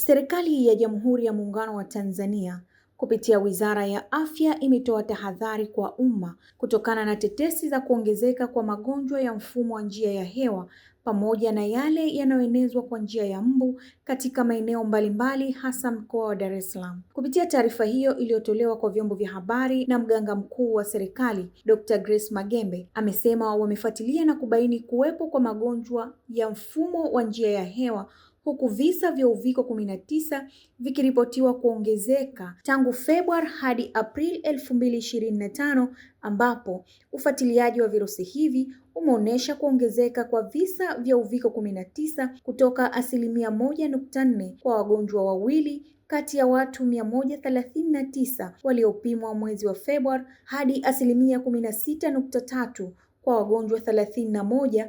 Serikali ya Jamhuri ya Muungano wa Tanzania kupitia Wizara ya Afya imetoa tahadhari kwa umma kutokana na tetesi za kuongezeka kwa magonjwa ya mfumo wa njia ya hewa pamoja na yale yanayoenezwa kwa njia ya mbu katika maeneo mbalimbali hasa mkoa wa Dar es Salaam. Kupitia taarifa hiyo iliyotolewa kwa vyombo vya habari na mganga mkuu wa serikali Dr. Grace Magembe amesema wamefuatilia na kubaini kuwepo kwa magonjwa ya mfumo wa njia ya hewa huku visa vya uviko 19 vikiripotiwa kuongezeka tangu Februari hadi Aprili 2025 ambapo ufuatiliaji wa virusi hivi umeonyesha kuongezeka kwa visa vya uviko 19 kutoka asilimia 1.4 kwa wagonjwa wawili kati ya watu 139 waliopimwa mwezi wa Februari hadi asilimia 16.3 kwa wagonjwa 31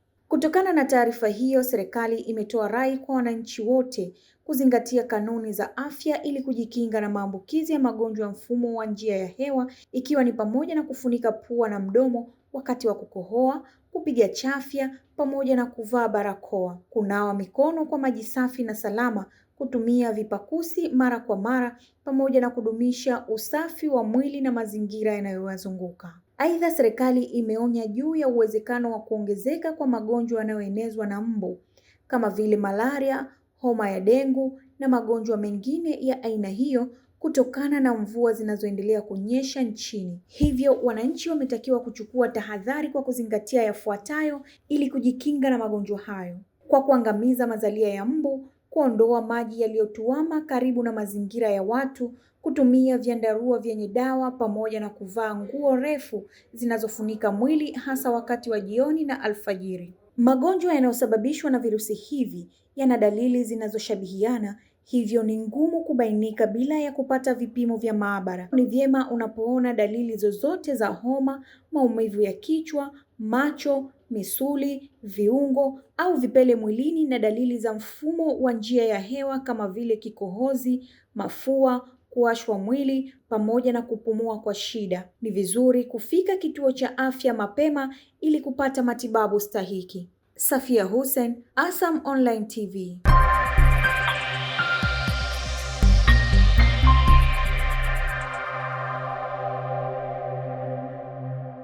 Kutokana na taarifa hiyo, serikali imetoa rai kwa wananchi wote kuzingatia kanuni za afya ili kujikinga na maambukizi ya magonjwa ya mfumo wa njia ya hewa ikiwa ni pamoja na kufunika pua na mdomo wakati wa kukohoa, kupiga chafya pamoja na kuvaa barakoa, kunawa mikono kwa maji safi na salama, kutumia vipakusi mara kwa mara pamoja na kudumisha usafi wa mwili na mazingira yanayowazunguka. Aidha, serikali imeonya juu ya uwezekano wa kuongezeka kwa magonjwa yanayoenezwa na mbu kama vile malaria, homa ya dengu na magonjwa mengine ya aina hiyo kutokana na mvua zinazoendelea kunyesha nchini. Hivyo, wananchi wametakiwa kuchukua tahadhari kwa kuzingatia yafuatayo ili kujikinga na magonjwa hayo: kwa kuangamiza mazalia ya mbu kuondoa maji yaliyotuama karibu na mazingira ya watu, kutumia vyandarua vyenye dawa pamoja na kuvaa nguo refu zinazofunika mwili hasa wakati wa jioni na alfajiri. Magonjwa yanayosababishwa na virusi hivi yana dalili zinazoshabihiana, hivyo ni ngumu kubainika bila ya kupata vipimo vya maabara. Ni vyema unapoona dalili zozote za homa, maumivu ya kichwa, macho, misuli, viungo au vipele mwilini na dalili za mfumo wa njia ya hewa kama vile kikohozi, mafua, kuwashwa mwili pamoja na kupumua kwa shida. Ni vizuri kufika kituo cha afya mapema ili kupata matibabu stahiki. Safia Hussein, ASAM Online TV.